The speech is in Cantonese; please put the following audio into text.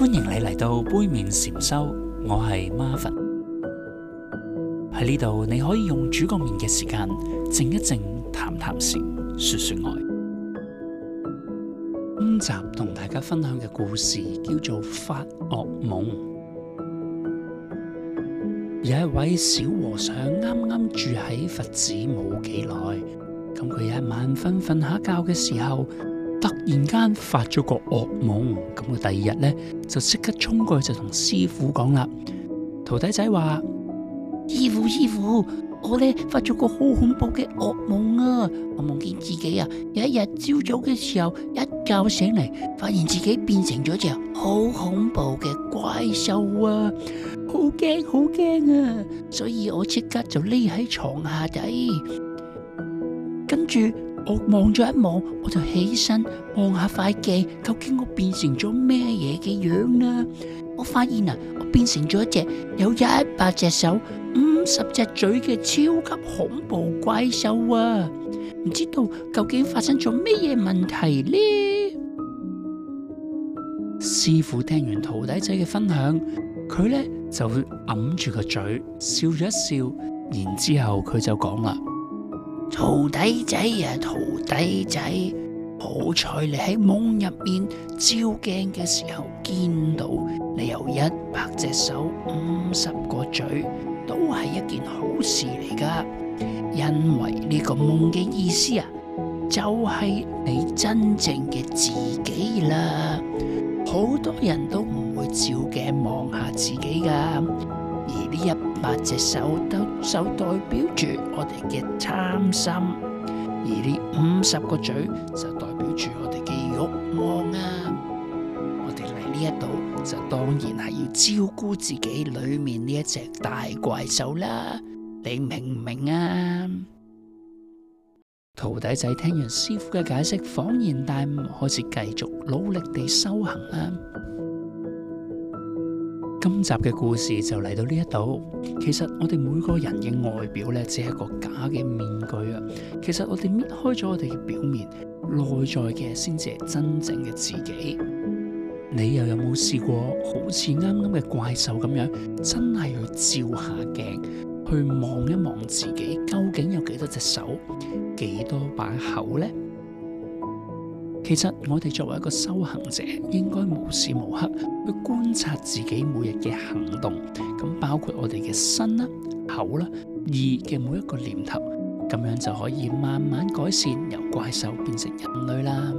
歡迎你嚟到杯麵禪修，我係 Marvin 喺呢度，你可以用煮個麵嘅時間靜一靜，談談禪，說說愛。今集同大家分享嘅故事叫做《發惡夢》，有一位小和尚啱啱住喺佛寺冇幾耐，咁佢有一晚瞓瞓下覺嘅時候。突然間發咗個惡夢，咁我第二日呢，就即刻衝過去就同師父講啦。徒弟仔話：師父、師父，我呢發咗個好恐怖嘅惡夢啊！我夢見自己啊，有一日朝早嘅時候一覺醒嚟，發現自己變成咗隻好恐怖嘅怪獸啊！好驚好驚啊！所以我即刻就匿喺床下底，跟住。我望咗一望，我就起身望下塊鏡，究竟我變成咗咩嘢嘅樣呢？我發現啊，我變成咗一隻有一百隻手、五十隻嘴嘅超級恐怖怪獸啊！唔知道究竟發生咗咩嘢問題呢？師父聽完徒弟仔嘅分享，佢呢就揞住個嘴笑咗一笑，然之後佢就講啦。徒弟仔呀、啊、徒弟仔，好彩你喺夢入面照鏡嘅時候見到你有一百隻手、五十個嘴，都係一件好事嚟噶。因為呢個夢嘅意思啊，就係、是、你真正嘅自己啦。好多人都唔會照鏡望下自己噶。呢一百隻手都手代表住我哋嘅貪心，而呢五十個嘴就代表住我哋嘅欲望啊！我哋嚟呢一度就當然係要照顧自己裏面呢一隻大怪獸啦，你明唔明啊？徒弟仔聽完師傅嘅解釋，恍然大悟，開始繼續努力地修行啦。今集嘅故事就嚟到呢一度，其實我哋每個人嘅外表呢，只係一個假嘅面具啊！其實我哋搣開咗我哋嘅表面，內在嘅先至係真正嘅自己。你又有冇試過好似啱啱嘅怪獸咁樣，真係去照下鏡，去望一望自己，究竟有幾多隻手，幾多把口呢？其實我哋作為一個修行者，應該無時無刻去觀察自己每日嘅行動，咁包括我哋嘅身啦、口啦、意嘅每一個念頭，咁樣就可以慢慢改善，由怪獸變成人類啦。